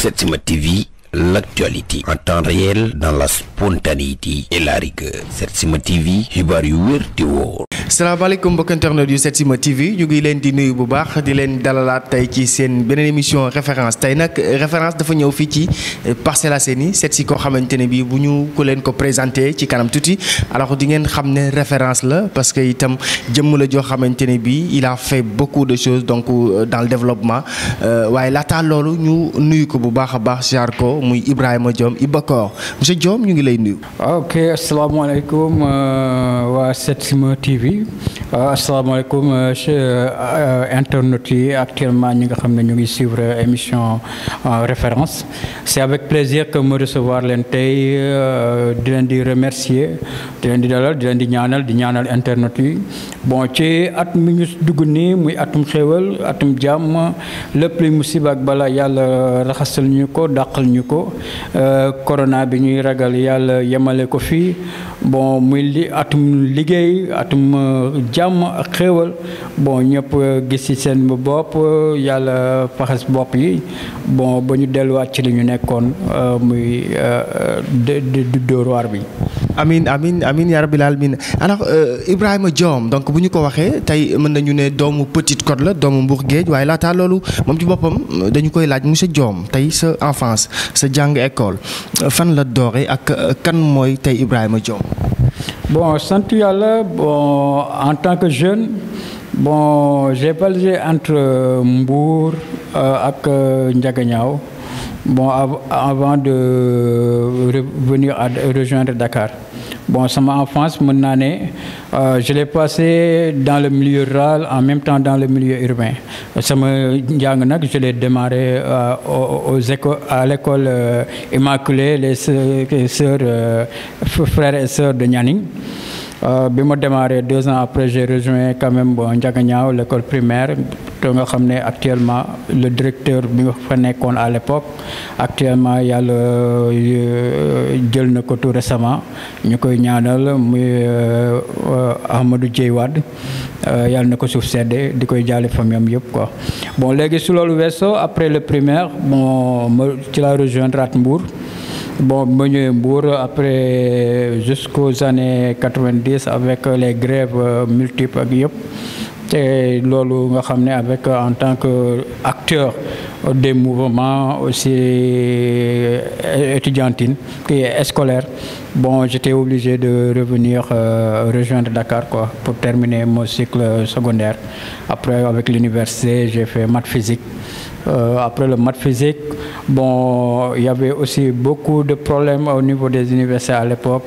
Setsima TV l'actualité en temps réel dans la spontanéité et la rigueur Setsima yu salaamaaleykum mbokk internet yu Setsima TV ñu ngi leen di nuyu bu baax di leen dalalaat tey ci seen beneen émission référence tey nag référence dafa ñëw fii ci eh, Parcelles Assainies set si koo xamante ne bii bu ñu ko leen ko présenté ci kanam tuuti alors di ngeen xam ne référence la parce que itam jëmm la joo xamante ne bii il a fait beaucoup de choses donc euh, dans le développement euh, waaye laataa loolu ñu nuyu ko bu baax a baax jaar ko muy Ibrahima Diome Ibakor monsieur Diome ñu ngi lay nuyu. Ah, ok asalaamaaleykum euh, waa Setsima TV. yi uh, asalaamaaleykum uh, uh, internautes yi actuellement ñi nga xam ne ñu ngi suivre émission référence c'est avec plaisir que me recevoir leen tey di leen di remercier di leen di dalal di leen di ñaanal di ñaanal internautes yi bon ci at mi ñu dugg nii muy atum xéewal atum jàmm lépp luy musiba ak bala yàlla raxasal ñu ko dàqal ñu ko corona bi ñuy ragal yàlla yemale ko fii bon muy li atum liggéey atum jàmm ak xéewal bon ñëpp euh, gis ci seen bopp euh, yàlla faxas bopp yi bon ba ñu delluwaat ci li ñu nekkoon euh, muy du dóor waar bi amin amin amin yaa rabbil alamin alors euh, Ibrahima Diom donc bu ñu ko waxee tey mën nañu ne doomu Petite Côte la doomu Mbour Géej waaye laataa loolu moom ci boppam dañu koy laaj monsieur joom tey sa enfance sa jàng école fan la doore ak kan mooy tey Ibrahima Diom. sant yàlla en tant que jeune bon j'ai valgé entre Mbour euh, ak euh, Ndiaganiao. bon avant de euh, venir à rejoindre Dakar bon sama enfance mën naa ne euh, je l'ai passé dans le milieu rural en même temps dans le milieu urbain sama njàng nag je l'ai démarré euh, aux écoles à l'école Immaculée les sœurs frères et sœurs de Nianing Euh, bi ma démarré deux ans après j'ai rejoint quand même bon euh, ñaaw l'école primaire te nga xam ne actuellement le directeur bi nga fa nekkoon à l'époque actuellement yàlla euh, jël na ko tout récemment ñu koy ñaanal muy Ahmadou Dieye Wade yàlla na ko suuf sedde di koy jaale famiyam yëpp ko bon léegi su loolu weesoo après le primaire bon ma ci la rejoindre at bon ma ñëwee Mbour après jusqu'aux années quatre-vingt-dix avec les grèves euh, multiples ak yëpp te loolu nga xam ne avec euh, en tant que acteur des mouvements aussi euh, étudiantine qui est scolaire bon j'étais obligé de revenir euh, rejoindre Dakar quoi pour terminer mon cycle secondaire après avec l'université j'ai fait maths physique Euh, après le maths physique. Bon, il aussi beaucoup de problèmes au niveau des universités à l'époque.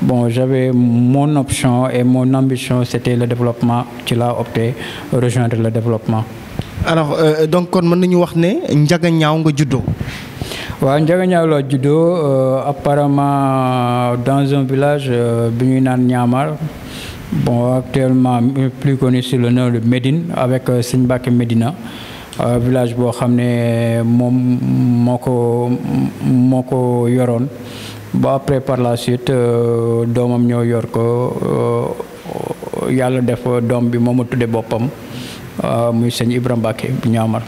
Bon, j'avais mon option et mon ambition, c'était le développement. Tu l'as opté, rejoindre le développement. Alors, euh, donc, on m'a dit que judo. waaw Ndiaganiao la juddoo euh, apparemment dans un village euh, bi ñuy naan Ñaamal bon actuellement plus connu sous le nom de Médine avec euh, Sëñ Mbàkke Médina Euh, village boo xam ne moom moo ko moo ko yoroon ba après par la suite euh, doomam ñoo yor ko euh, yàlla def doom bi moo ma tuddee boppam muy sëñ Ibrahima Mbacke bu ñaamar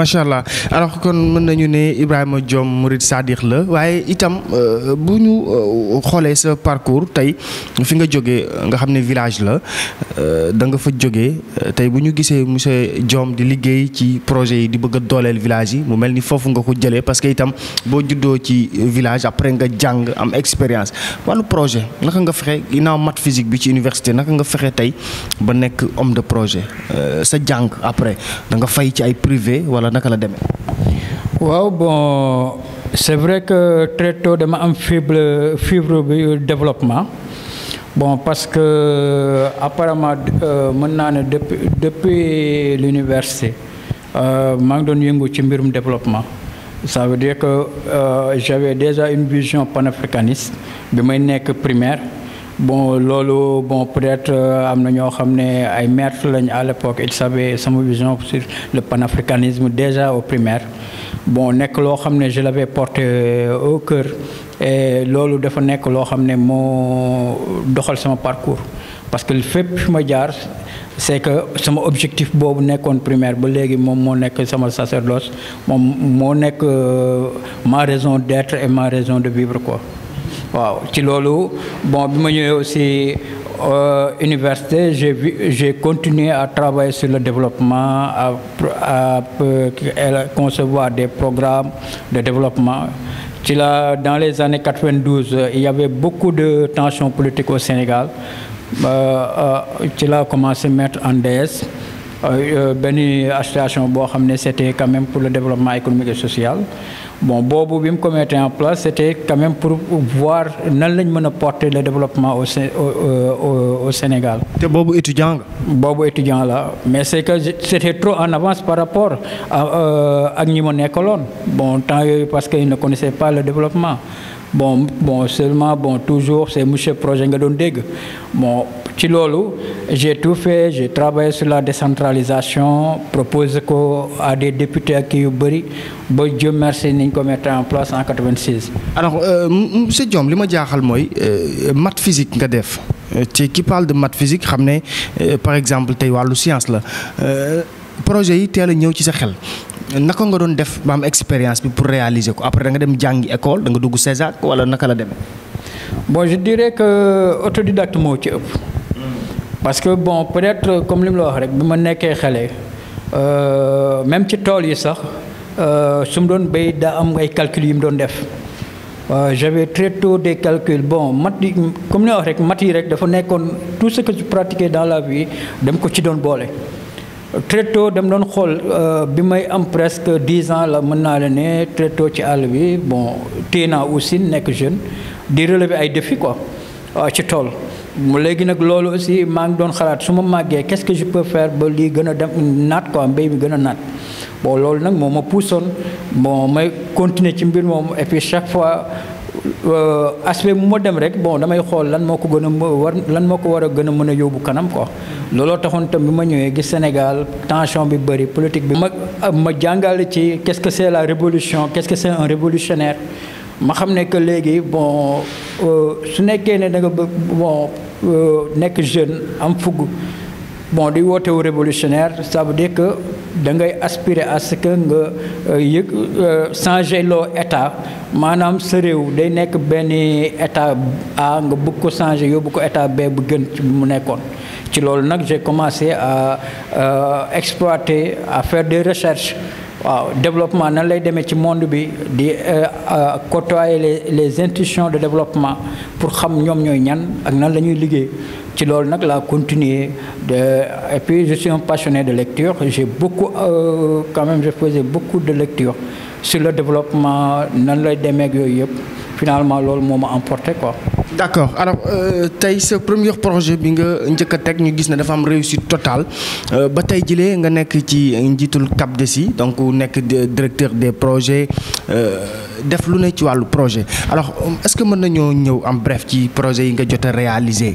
macha allah alors kon mën nañu ne Ibrahima Diom Murid Sadikh la waaye itam euh, bu ñu euh, xoolee sa parcours tey fi nga jógee nga xam ne village la euh, da nga fa jógee tey bu ñu gisee monsieur Diom di liggéey ci projet yi di bëgg dooleel village yi mu mel ni foofu nga ko jëlee parce que itam boo juddoo ci village après nga jàng am expérience wàllu projet naka nga fexe ginnaaw mat physique bi ci université naka nga fexe tey ba nekk homme de projet sa jàng après da nga ci ay privé wala naka la demee. waaw bon c'est vrai que très tôt dama am fibre fibre bi développement bon parce que apparemment euh, mën naa ne depuis depuis l'université euh, maa doon yëngu ci mbirum développement. ça veut dire que euh, j'avais déjà une vision panafricaniste bi may nekk primaire. bon loolu bon peut-être euh, am na ñoo xam ne ay maîtres lañ à l'époque ils savaient sama vision sur le panafricanisme déjà au primaire bon nekk loo xam ne je l'avais porté euh, au cœur et loolu dafa nekk loo xam ne moo doxal sama parcours parce que fépp fi ma jaar c'est que sama objectif boobu nekkoon primaire ba léegi moom moo nekk sama sacerdoce moom moo nekk euh, ma raison d'être et ma raison de vivre quoi waaw ci loolu bon bi ma ñëwee aussi euh, université j'ai vu j'ai à travailler sur le développement à, à, à concevoir des programmes de développement ci la dans les années 92 il y avait beaucoup de tensions politiques au euh, euh, ci la commencé mettre en DS benn association boo xam ne c'était quand même pour le développement économique et bon boobu bi mu ko mettre en place c'était quand même pour voir nan lañ mën a porter le développement au au Sénégal. te boobu étudiant nga. boobu étudiant la mais c'est que c'était trop en avance par rapport euh, ak ñi ma nekkaloon bon temps yooyu parce qu'ils ne connaissaient pas le développement. bon bon seulement bon toujours c'est monsieur projet nga doon dégg bon ci loolu j'ai tout fait j'ai travaillé sur la décentralisation proposé ko à des députés ak kii yu bëri ba Dieu merci niñ ko mettre en place en 96. alors euh, monsieur Diome li ma jaaxal mooy euh, math physique nga def euh, ci qui parle de math physique xam ne par exemple tey wàllu science la projet yi teel a ñëw ci sa xel. naka nga doon def ba expérience bi pour réaliser ko après da nga dem jàngi école danga dugg César wala naka la demee. bon je dirais que autodidacte moo ci ëpp. parce que bon peut-être comme li mu la wax rek bi ma nekkee xele même ci tool yi sax. Euh, su mu doon béy daa am ay calcul yi mu doon def waaw euh, j'avais très tôt des calculs bon mat yi comme ni wax rek mat yi rek dafa nekkoon tout ce que je dans la vie dem ko ci doon boole très tôt dem doon xool euh, bi may am presque dix ans la mën naa la ne très ci àll bi bon tée naa aussi nekk jeune di relever ay défis quoi waaw ci tool mu léegi nag loolu aussi maa ngi doon xalaat su ma màggee qu'est-ce que je peux faire ba lii gën a dem naat quoi mbéy mi gën a naat bon loolu nag moom ma puusoon bon may continuer ci mbir moom et chaque fois euh, aspect mu ma dem rek bon damay xool lan moo ko gën a war lan moo ko war a gën a mën a yóbbu kanam ko looloo taxoon tam bi ma ñëwee gis Sénégal tension bi bëri politique bi ma ah, ma jàngale ci qu'est-ce que c'est la révolution quest que c'est un révolutionnaire ma xam ne que léegi bon euh, su nekkee ne da nga bon euh, nekk jeune am fugg bon di wootewu révolutionnaire ça veut que da ngay aspirer à ce que nga euh, yëg euh, changer loo état maanaam sa réew day nekk benn état A nga bëgg ko changer yóbbu ko état B bu gën mu nekkoon ci loolu nag j'ai commencé à euh, exploiter à faire des recherches waaw développement nan lay demee ci monde bi di euh, euh, côtoyer les les institutions de développement pour xam ñoom ñooy ñan ak nan la ñuy liggéey ci loolu nag laa continuer de et puis je suis un passionné de lecture j'ai beaucoup euh, quand même j'ai beaucoup de lecture sur le développement nan lay demee yooyu yëpp finalement loolu moom ma emporté quoi d' accord alors euh, tey sa premier projet bi nga njëkk a teg ñu gis ne dafa am réussite totale euh, ba tey jëlee nga nekk ci njiitul si donc nekk directeur des projets euh, def lu ne ci wàllu projet alors est ce que mën nañoo ñëw am bref ci projet yi nga jot a réaliser.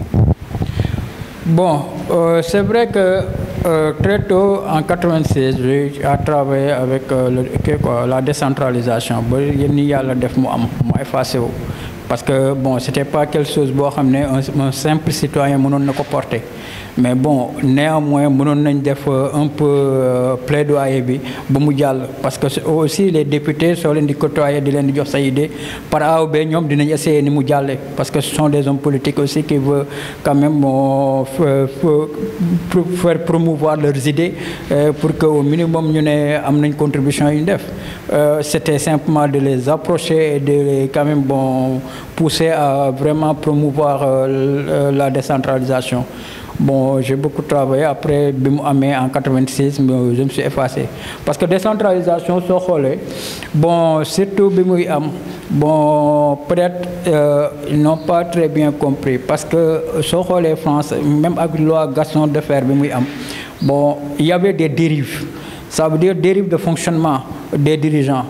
bon euh, c' est vrai que euh, très tôt en 96 j'ai travaillé avec euh, le, la décentralisation ba yenn yàlla def mu am mu effacé wu. parce que bon c'était pas quelque chose boo xam ne un simple citoyen mënoon na ko porter mais bon néanmoins mënoon nañ def euh, un peu euh, plaidoyer bi bu mu jàll parce que aussi les députés soo leen di côtoyer di leen di jox sa idée par A ou B ñoom dinañ essayer ni mu jàllee parce que ce sont des hommes politiques aussi qui veulent quand même faire promouvoir leurs idées euh, pour que au minimum ñu ne am nañ contribution yu ñu def c'était simplement de les approcher et de les quand même bon pousser à vraiment promouvoir la décentralisation Bon, j'ai beaucoup travaillé. Après, BIM Amé en 86, je me suis effacé. Parce que décentralisation, sont relais. Bon, surtout BIM Am, bon, peut-être, euh, ils n'ont pas très bien compris. Parce que euh, sont relais France, même avec la loi Gaston de Fer, BIM Am, bon, il y avait des dérives. Ça veut dire dérives de fonctionnement des dirigeants.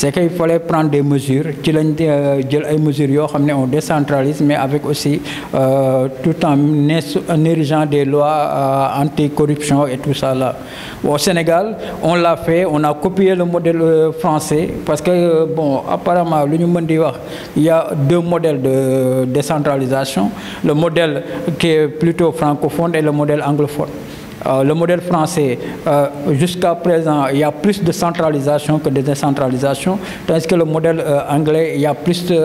c'est qu'il fallait prendre des mesures ci lañ euh, jël ay mesures yoo xam ne on décentralise mais avec aussi euh, tout en érigeant des lois euh, anti-corruption et tout ça là au Sénégal on l'a fait on a copié le modèle euh, français parce que euh, bon apparemment lu ñu mën di wax il y a deux modèles de décentralisation le modèle qui est plutôt francophone et le modèle anglophone Euh, le modèle français, euh, jusqu'à présent, il y a plus de centralisation que de décentralisation, tandis que le modèle euh, anglais, y a plus de,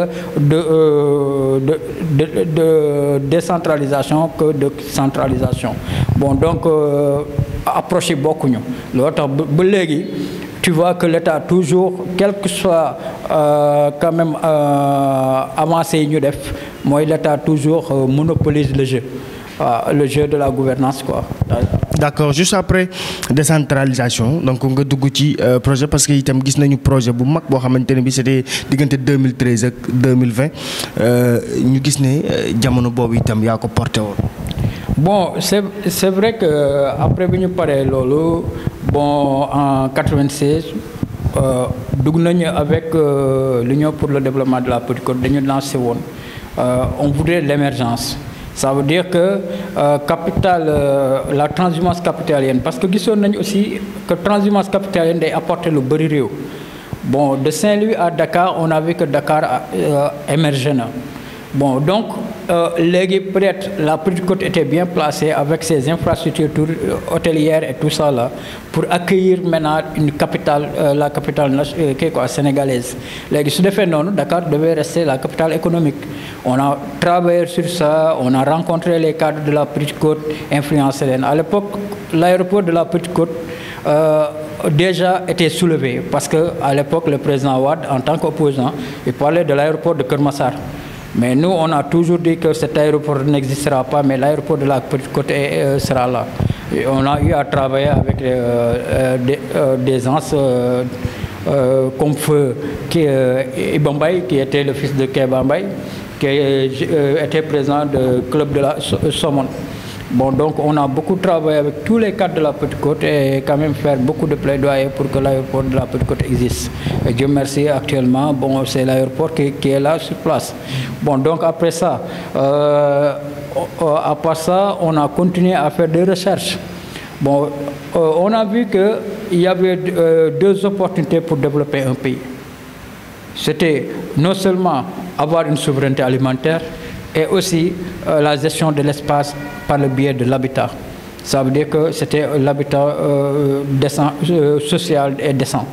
euh, de, de, de, décentralisation que de centralisation. Bon, donc, euh, approchez beaucoup. L'autre, tu vois que l'État toujours, quelque que soit euh, quand même avancé, ñu def moi, l'État toujours monopolise le jeu. le jeu de la gouvernance quoi. d'accord juste après décentralisation donc nga dugg ci euh, projet parce que itam gis nañu projet bu mag boo xamante ne bi c'était diggante 2013 ak 2020 euh, ñu gis ne euh, jamono boobu itam yaa ko porté woon. bon c'est c'est vrai que après bi ñu paree loolu bon en 96 dugg nañu avec l'Union pour le développement de la Petite Côte dañu lancé woon on voudrait l'émergence. ça veut dire que euh, capital euh, la transhumance capitalienne parce que gisoon nañu aussi que transhumance capitalienne day apporté lu bëri réew bon de Saint-Louis à Dakar on a vu que Dakar euh, émergé na bon donc euh, léegi peut-être la petite côte était bien placée avec ses infrastructures euh, hôtelières et tout ça là pour accueillir maintenant une capitale euh, la capitale euh, kii quoi sénégalaise léegi su defee noonu Dakar devait rester la capitale économique on a travaillé sur ça on a rencontré les cadres de la petite côte influencé leen à l'époque l'aéroport de la petite côte euh, déjà était soulevé parce que à l'époque le président Wade en tant qu'opposant il parlait de l'aéroport de Keur Massar Mais nous, on a toujours dit que cet aéroport n'existera pas, mais l'aéroport de la Petite Côte euh, sera là. Et on a eu à travailler avec euh, euh des, euh, des ans euh, euh, comme Feu qui, Ibambay, qui était le fils de Kebambay, qui était président du club de la Somone. Bon, donc on a beaucoup travaillé avec tous les cadres de la Petite Côte et quand même faire beaucoup de plaidoyer pour que l'aéroport de la Petite Côte existe. Et Dieu merci, actuellement, bon, c'est l'aéroport qui, qui, est là sur place. Bon, donc après ça, euh, euh à part ça, on a continué à faire des recherches. Bon, euh, on a vu qu'il y avait euh, deux opportunités pour développer un pays. C'était non seulement avoir une souveraineté alimentaire, et aussi euh, la gestion de l'espace par le biais de l'habitat. Ça veut dire que c'était l'habitat euh, euh, euh, social et décent.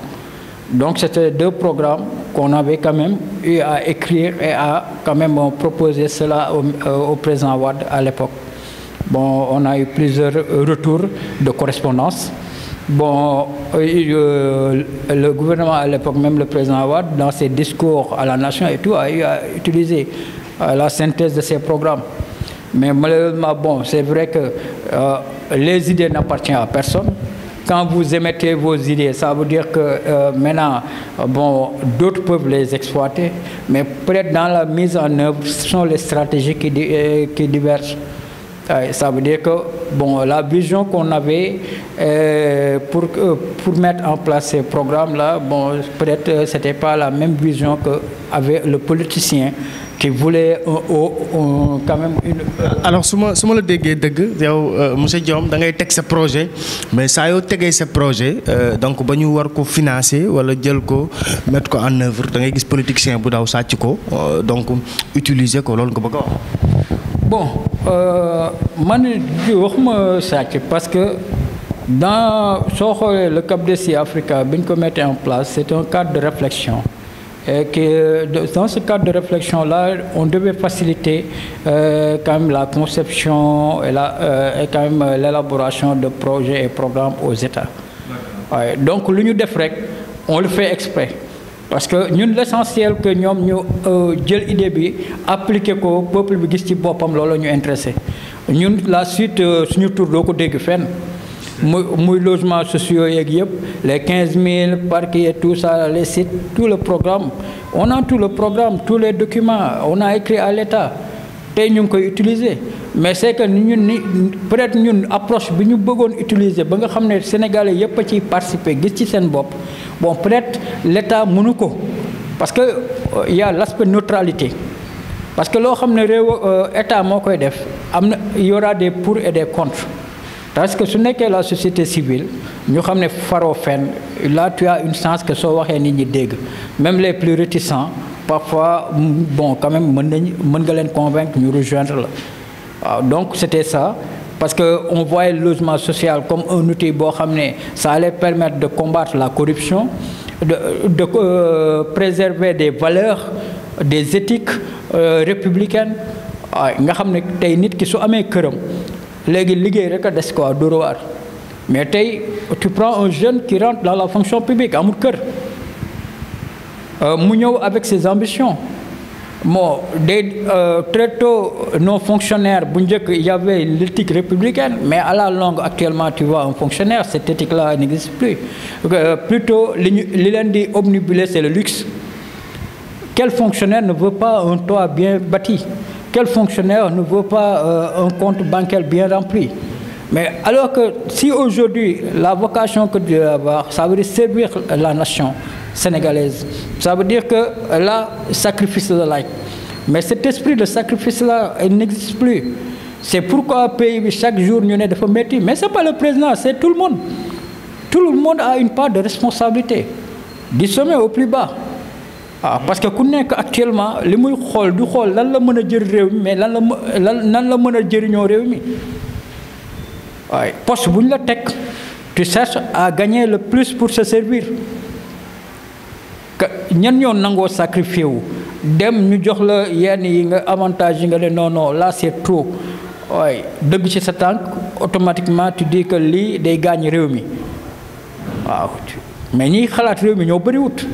Donc c'était deux programmes qu'on avait quand même eu à écrire et à quand même proposer cela au, euh, au président Ward à l'époque. Bon, on a eu plusieurs retours de correspondance. Bon, euh, le gouvernement à l'époque, même le président Ouad, dans ses discours à la nation et tout, a eu à utiliser à euh, la synthèse de ces programmes. Mais malheureusement, bon, c'est vrai que euh, les idées n'appartiennent à personne. Quand vous émettez vos idées, ça veut dire que euh, maintenant, bon, d'autres peuvent les exploiter, mais peut-être dans la mise en œuvre, ce sont les stratégies qui, euh, qui divergent. Ça veut dire que bon, la vision qu'on avait euh, pour, euh, pour mettre en place ces programmes-là, bon, peut-être euh, ce n'était pas la même vision qu'avait le politicien qui voulait euh, euh, euh, quand même une. alors su ma su ma la déggee dëgg yow monsieur Diome da ngay teg sa projet mais saa yow tegee sa projet donc ba ñu war ko financer wala jël ko mettre ko en œuvre da ngay gis politicien bu daw sàcc ko donc utiliser ko loolu nga bëgg a wax. bon man waxuma sàcc parce que. dans soo xoolee le Cap de Africa bi ñu ko mettre en place c'est un cadre de réflexion Et que dans ce cadre de réflexion la on devait faciliter euh, quand même la conception et, la, euh, et quand euh, de projets et programmes aux États. donc, lu ñu FREC, on le fait exprès. parce que ñun l'essentiel que ñoom ñu euh, jël idée bi appliquer ko peuple bi gis ci boppam loolu ñu intéressé ñun la suite euh, suñu tur doo ko dégg fen muy muy logement sociaux yeeg yëpp les quinze mille parquets et tout ça les sites tout le programme on a tout le programme tout les document on écrit à l'État tey ñu ngi koy utiliser mais c'est que ñun ni peut-être ñun approche bi ñu bëggoon utiliser ba nga xam ne sénégalais yëpp a ci participer gis ci seen bopp bon peut-être l'État mënu ko parce que euh, y a l'aspect neutralité parce que loo xam ne réew euh, état moo koy def am na y des pour et des contre parce que su nekkee la société civile ñu xam ne faroo fenn là tu une chance que soo waxee nit ñi dégg même les plus réticents parfois bon quand même mën nañ mën nga leen convaincre ñu rejoindre la waaw ah, donc c'était ça parce que on voyait le logement social comme un outil boo xam ne ça allait permettre de combattre la corruption de de euh, préserver des valeurs des éthiques euh, républicaines ah, nga xam ne tey nit ki su amee këram léegi liggéey rek des quoi dóor mais tey tu prends un jeune qui rentre dans la fonction publique amul kër euh, mu ñëw avec ses ambitions bon des euh, très tôt nos fonctionnaires bu njëkk il y avait l'éthique républicaine mais à la longue actuellement tu vois un fonctionnaire cette éthique là n'existe plus euh, plutôt li ñu li leen di obnubiler c'est le luxe quel fonctionnaire ne veut pas un toit bien bâti quel fonctionnaire ne veut pas euh, un compte bancaire bien rempli Mais alors que si aujourd'hui, la vocation que Dieu va avoir, ça veut dire servir la nation sénégalaise, ça veut dire que là, sacrifice de like. Mais cet esprit de sacrifice-là, il n'existe plus. C'est pourquoi pays, chaque jour, nous de métier. Mais ce n'est pas le président, c'est tout le monde. Tout le monde a une part de responsabilité, du sommet au plus bas. waaw ah, parce que ku nekk actuellement li muy xool du xool lan la mën a jël réew mi mais lan la lan nan la mën a jëriñoo réew mi waaye poste bu ñu la teg tu cherches à gagner le plus pour sa servir que ñan ñoo nangoo sacrifié wu dem ñu jox la yenn yi nga avantage yi nga ne noonoo non là c'est trop waaye dëgg ci sa tànk automatiquement tu dis lii day gaañ réew mi waaw mais ñiy xalaat réew mi ñoo bariwut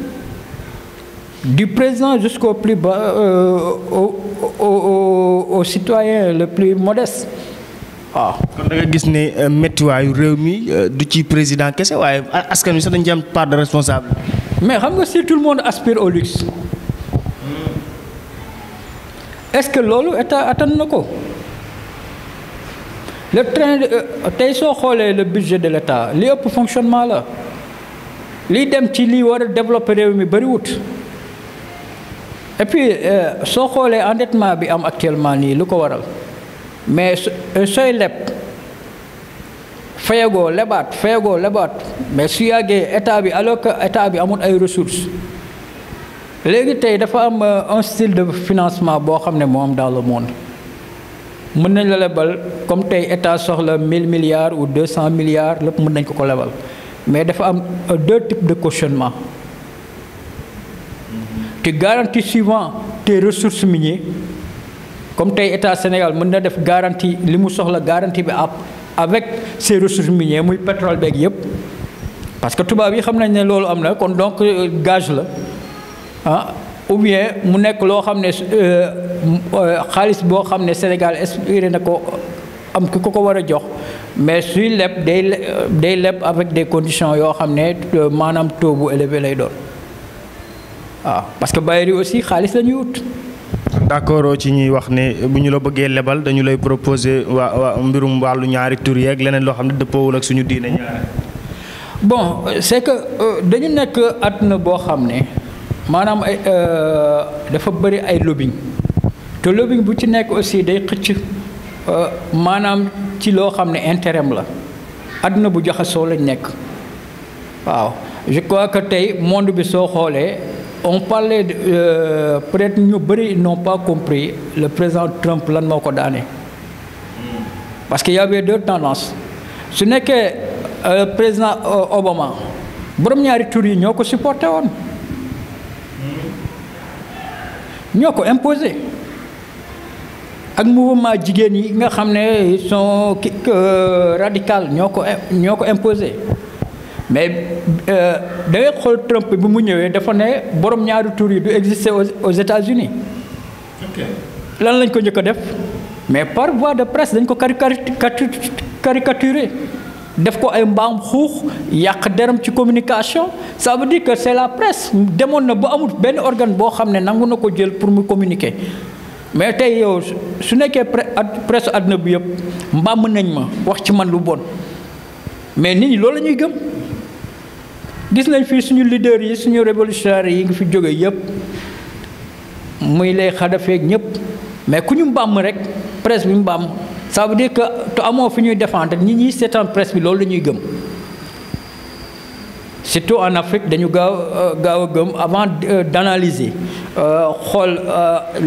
du président jusqu'au plus bas, euh, au, au, au, au, citoyen le plus modeste. waaw. Ah. kon da nga gis ne euh, méttiwaayu réew mi euh, du ci président kese waaye askan wi sax dañu ci am part de responsable. mais xam nga si tout le monde aspire au luxe. Hmm. est-ce que loolu état attan na ko. le train euh, tey soo xoolee le budget de l'état li ëpp fonctionnement la. liy dem ci lii war a réew mi bariwut. et puis euh, soo xoolee endettement bi am actuellement nii lu ko waral mais euh, sooy leb fayagoo lebaat fayagoo lebaat mais su yàggee état bi alors que état bi amul ay ressource léegi tey dafa am euh, un style de financement boo xam ne moom dans le monde mën nañ la lebal comme tey état soxla 1000 milliards ou cent milliards lépp mën nañ ko ko lebal mais dafa am deux types de cautionnement te garantie suivant tes ressources minières comme tey état Sénégal mën na def garantie li mu soxla garantie bi ab avec ses ressources minières muy pétrole beeg yëpp parce que tubaab yi xam nañ ne loolu am na kon donc euh, gage la ah ou bien mu nekk loo xam ne euh, euh, xaalis boo xam ne Sénégal expiré na ko am ki ko ko war a jox mais suy leb day day leb avec des conditions yoo xam ne maanaam taux bu élevé lay doon. waaw ah, parce que bailleurs aussi xaalis la ñuy wut. d' ci ñuy wax ne bu ñu la bëggee lebal dañu lay proposer waa mbirum wàllu ñaari tur yeeg leneen loo xam ne dëppoowul ak suñu diine ñaare. bon c' est que euh, dañu nekk àdduna boo xam ne maanaam ay euh, dafa bëri ay lobbying te lobbying bu ci nekk aussi day xëcc euh, maanaam ci loo xam ne intérêt am la àdduna bu jaxasoo lañ nekk waaw je crois que tey monde bi soo xoolee. on parlait de, euh, peut-être ñu bëri n'ont pas compris le président Trump lan moo ko daané parce que y avait deux tendances su nekkee euh, président euh, Obama borom ñaari tur yi ñoo ko supporté woon ñoo ko imposé ak mouvement jigéen yi nga xam ne ils sont kii euh, radical ñoo ko ñoo ko imposé mais euh, da xool Trump bi mu ñëwee dafa ne borom ñaari tur yi du exister aux États-Unis lan lañ ko njëkk a def mais par voie de presse dañ ko caricaturé def ko ay mbaam xuux yàq deram ci communication ça veut dire que c'est la presse demoon na bu amut benn organe boo xam ne nangu na ko jël pour mu communiquer mais tey yow su nekkee presse àdduna bi yëpp mbaam nañ ma wax ci man lu bon mais nit ñi loolu la gëm. gis nañ fii suñu leader yi suñu révolutionnaire yi ngi fi jóge yëpp muy lay xadafeeg ñëpp mais ku ñu mbàmm rek presse bi mbàmm ça veut dire que te amoo fi ñuy défendre nit ñi seetaan presse bi loolu la ñuy gëm surtout en Afrique dañu gaaw euh, gaaw a gëm avant euh, d'analyser euh, xool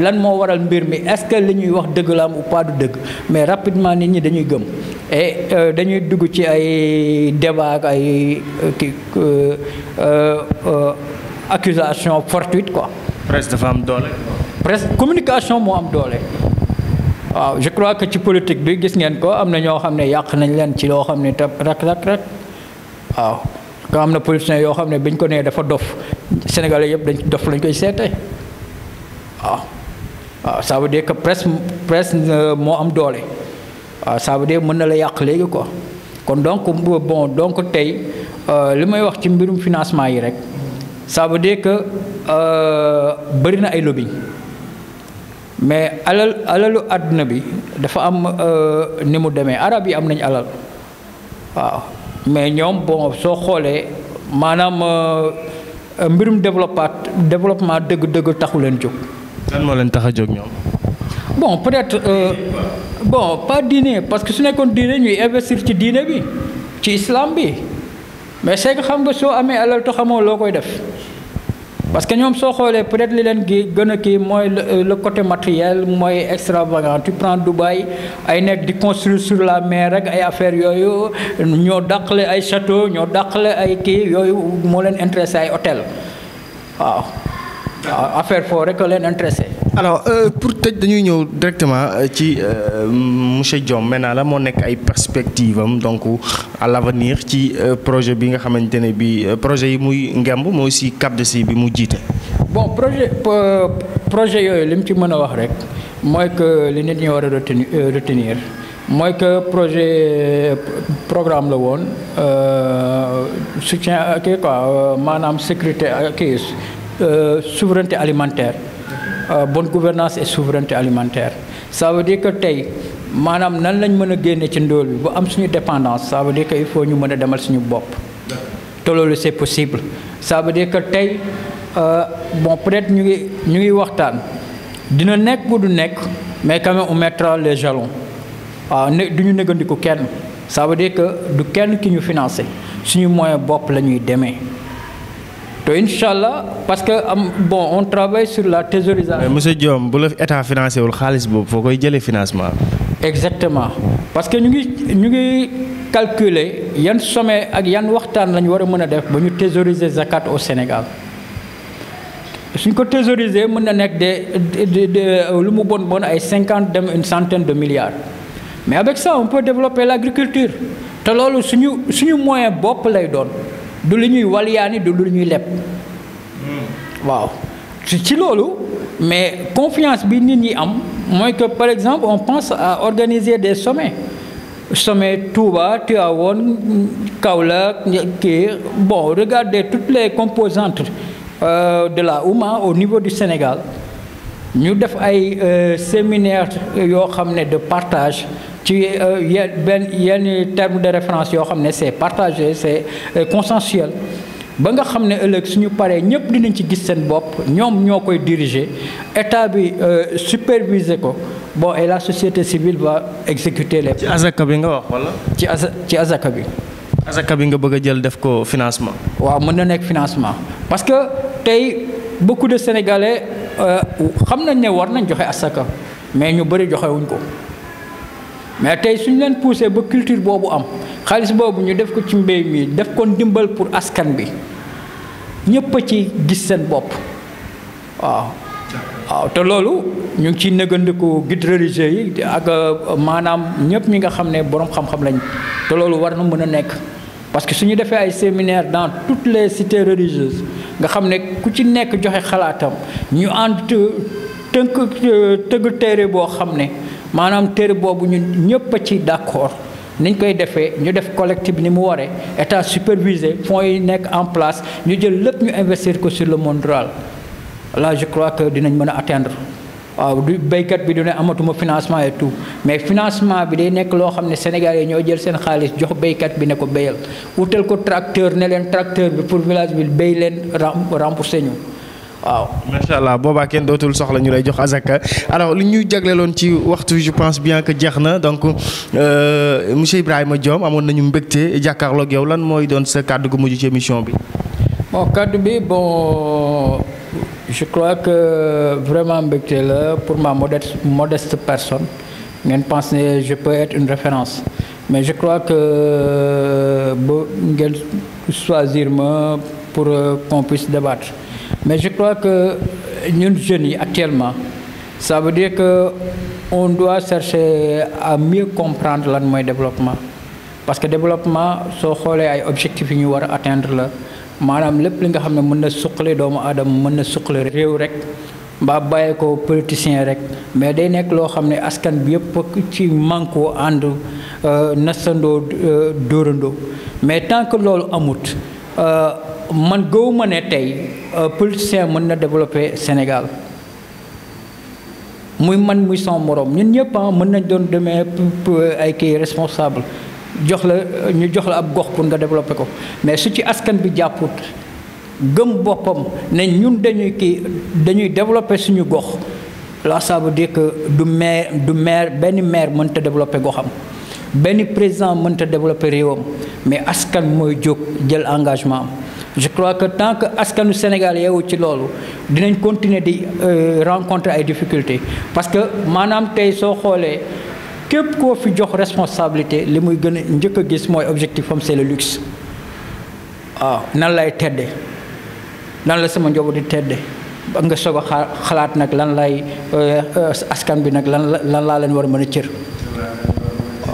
lan moo waral mbir mi est-ce que li ñuy wax dëgg la am ou pas dëgg mais rapidement nit ñi dañuy gëm et dañuy dugg ci ay débat ay kii accusation fortuite ko presse dafa am doole. presque communication moo am doole. waaw je crois que ci politique bi gis ngeen ko am na ñoo xam ne yàq nañ leen ci loo xam ne te rek rek rek waaw. nga am na politiciens yoo xam ne biñ ko nee dafa dof sénégalais yëpp dañ dof lañu koy seete waaw waaw ça veut dire que presse euh, moo am doole waaw ça veut mën na la yàq léegi ko kon donc bon donc tey euh, li may wax ci mbirum financement yi rek ça veut dire que euh, bëri na ay lobby mais alal alalu àdduna bi dafa am ni mu demee arab yi am nañ alal waaw mais ñoom bon soo xoolee maanaam euh, euh, mbirum développement développement dëgg-dëgg taxu leen jóg. lan moo leen tax a jóg ñoom. bon peut-être euh, bon pas diine parce que su nekkoon diine ñuy investir ci diine bi ci islam bi mais c'est que xam nga soo amee alal to xamoo loo koy def. parce que ñoom soo xoolee peut-être li leen gi gën kii mooy euh, le côté matériel mooy extravagant tu prends Dubaï ay nekk di construire sur la mer rek ay affaires yooyu ñoo dàqale ay château ñoo dàqale ay kii yooyu moo leen intéressé ay hôtel waaw affaire foo rek leen intéressé alors euh, pour tëj dañuy ñëw directement euh, ci euh, monsieur Diome maintenant la moo nekk ay perspectives am donc à l'avenir ci euh, projet bi nga xamante ne bi projet yi muy ngemb mooy aussi cap de si bi mu jiite. bon projet projet yooyu li mu ci mën a wax rek mooy que li nit ñi war a retenir retenir mooy que projet programme la woon soutien kii quoi maanaam sécurité kii souveraineté alimentaire. Euh, bon gouvernance et souveraineté alimentaire ça veut que tey maanaam nan lañ mën a génne ci ndóol bi bu am suñu dépendance ça veut dire que il faut ñu mën a demal suñu bopp te loolu c'est possible ça veut dire que tey euh, bon peut-être ñu ngi ñu ngi waxtaan dina nekk bu du nekk mais quand même on mettra les jalons waaw ne du ñu négandiku kenn ça veut dire que du kenn ki ñu financé suñu moyen bopp la ñuy demee te incha allah parce que am bon on travaille sur la thésaurisation. mais monsieur Diome bu la état financé wul xaalis boobu foo koy jëlee financement. exactement parce que ñu ngi ñu ngi calculer yan sommet ak yan waxtaan la ñu war a mën a def ba ñu thésauriser zakat au Sénégal suñ ko thésauriser mën na nekk de euh, lu mu bon bon ay cinquante dem une centaine de milliards mais avec ça on peut développer l'agriculture te loolu suñu suñu moyen bopp lay doon. du lu ñuy walyaani du lu ñuy leb hmm. waaw ci loolu mais confiance bi nit ñi am mooy que par exemple on pense à organiser des sommets sommet Touba Tivaouane Kaolack kii bon regardez toutes les composantes euh, de la Oumma au niveau du Sénégal ñu def ay euh, séminaire euh, yoo xam ne de partage ci euh, yenn benn yenn terme de référence yoo xam ne c'est partager c'est euh, consensuel ba nga xam ne ëllëg suñu paree ñëpp dinañ ci gis seen bopp ñoom ñoo koy diriger état bi euh, superviser ko bon et la société civile va exécuter les. ci azaka bi nga wax wala. ci aza ci azaka bi. azaka bi nga bëgg a jël def ko financement. waaw mën na nekk financement parce que tey beaucoup de sénégalais xam nañ ne war nañ joxe azaka mais ñu bëri joxewuñ ko. mais tey suñ leen poussé ba culture boobu am xaalis boobu ñu def ko ci mbéy mi def ko ndimbal pour askan bi ñëpp a ci gis seen bopp waaw. waaw te loolu ñu ngi ciy nëggandiku guide religieux yi ak euh, maanaam ñëpp mi nga xam ne borom xam-xam lañ te loolu war na mën a nekk. parce que su defee ay séminaire dans toutes les cités religieuses nga xam ne ku ci nekk joxe xalaatam ñu ànd tënk euh, tëgg téere boo xam ne. maanaam téere boobu ñun ñëpp a ci d'accord niñ koy defee ñu def collectif bi ni mu waree état supervisé fonds yi nekk en place ñu jël lépp ñu investir ko sur le monde la là je crois que dinañ mën a atteindre waaw du béykat bi du ne amatuma financement et tout mais financement bi day nekk loo xam ne sénégal Sénégalais ñoo jël seen xaalis jox béykat bi ne ko béyal wutal ko tracteur ne leen tracteur bi pour village bi béy leen rembourser ñu waaw macha allah boobaa kenn dootul soxla ñu lay jox azaka alors li ñu jagleeloon ci waxtu je pense bien que jeex na donc euh, monsieur Ibrahima Diom amoon nañu mbégte jàkkaarloog yow lan mooy doon sa kàddu gu mujj ci émission bi. bon kàddu bi bon je crois que vraiment mbégte la pour ma modeste personne ngeen pense ne je peux être une référence mais je crois que euh, ba ngeen choisir ma pour euh, qu'on puisse débattre. mais je crois que ñun jeunes yi actuellement ça veut dire que on doit chercher à mieux comprendre lan mooy développement parce que développement soo xoolee ay objectif yi ñu war a atteindre la maanaam lépp li nga xam ne mën na suqali doomu aadama mën na suqali réew rek mbaa bàyyi ko politicien rek mais day nekk loo xam ne askan bi yëpp ci mànkoo ànd euh, nasandoo euh, dóorandoo mais tant que loolu amut euh, man gëwuma ne tey euh, politicien mën na développer Sénégal muy man muy son morom ñun ñëpp ah, mën nañ doon demee ay kii responsable jox la euh, ñu jox la ab gox pour nga développer ko mais su ci askan bi jàpput gëm boppam ne ñun dañuy kii dañuy développer suñu gox la ça veut dire que du maire du maire benn maire mënta développer goxam benn président mënta développer réewam mais askan mooy jóg jël engagement am je crois que tant que askanu Sénégal yeewu ci loolu dinañ continuer di euh, rencontrer ay difficultés parce que maanaam tey soo xoolee képp koo fi jox responsabilité li muy gën a njëkk a gis mooy objectif am c'est le luxe waaw nan lay tedde nan la sama njaboot di tedde ba nga soog a xalaat nag lan lay euh, euh, askan bi nag lan lan laa leen war a mën a cër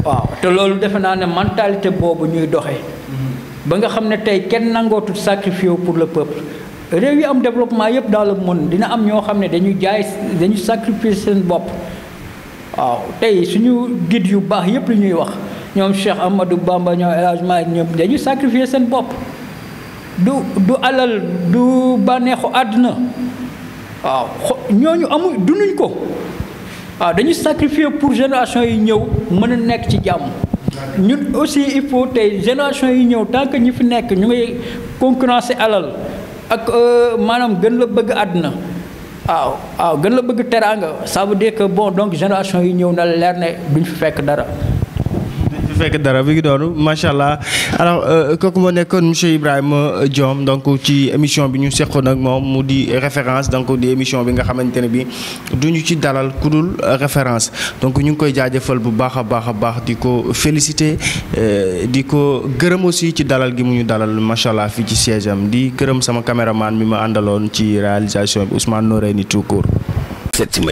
waaw te loolu defe naa ne mentalité boobu ñuy doxee ba nga xam ne tey kenn nangootul sacrifié pour le peuple réew yi am développement yëpp dans le monde dina am ñoo xam ne dañuy jaay dañu sacrifié seen bopp waaw tey suñu guide yu baax yëpp lu ñuy wax ñoom Cheikh Amadou Bamba ñoom El Hadj Malick ñoom dañu sacrifié seen bopp du du alal du bànneexu àdduna waaw ñooñu amul dunuñ ko waaw dañuy sacrifié pour génération yi ñëw mën a nekk ci jàmm ñu aussi il faut tey génération yi ñëw tant que ñi fi nekk ñu ngi concurrence alal ak euh, maanaam gën la bëgg àdduna waaw waaw gën la bëgg teraanga ça veut dire que bon donc génération yi ñëw na leer ne ñu fi fekk dara fi fekk dara bi doonu macha allah alors euh, kooku moo nekkoon monsieur Ibrahima Diom donc ci émission bi ñu seqoon nag moom mu di référence donc di émission bi nga xamante ne bi du ñu ci dalal ku dul référence donc ñu ngi koy jaajëfal bu baax a baax a baax di ko féliciter euh, di ko gërëm aussi ci dalal gi mu dalal macha allah fii ci siège di gërëm sama caméraman bi ma àndaloon ci réalisation bi Ousmane Noreyni tout court. Setsima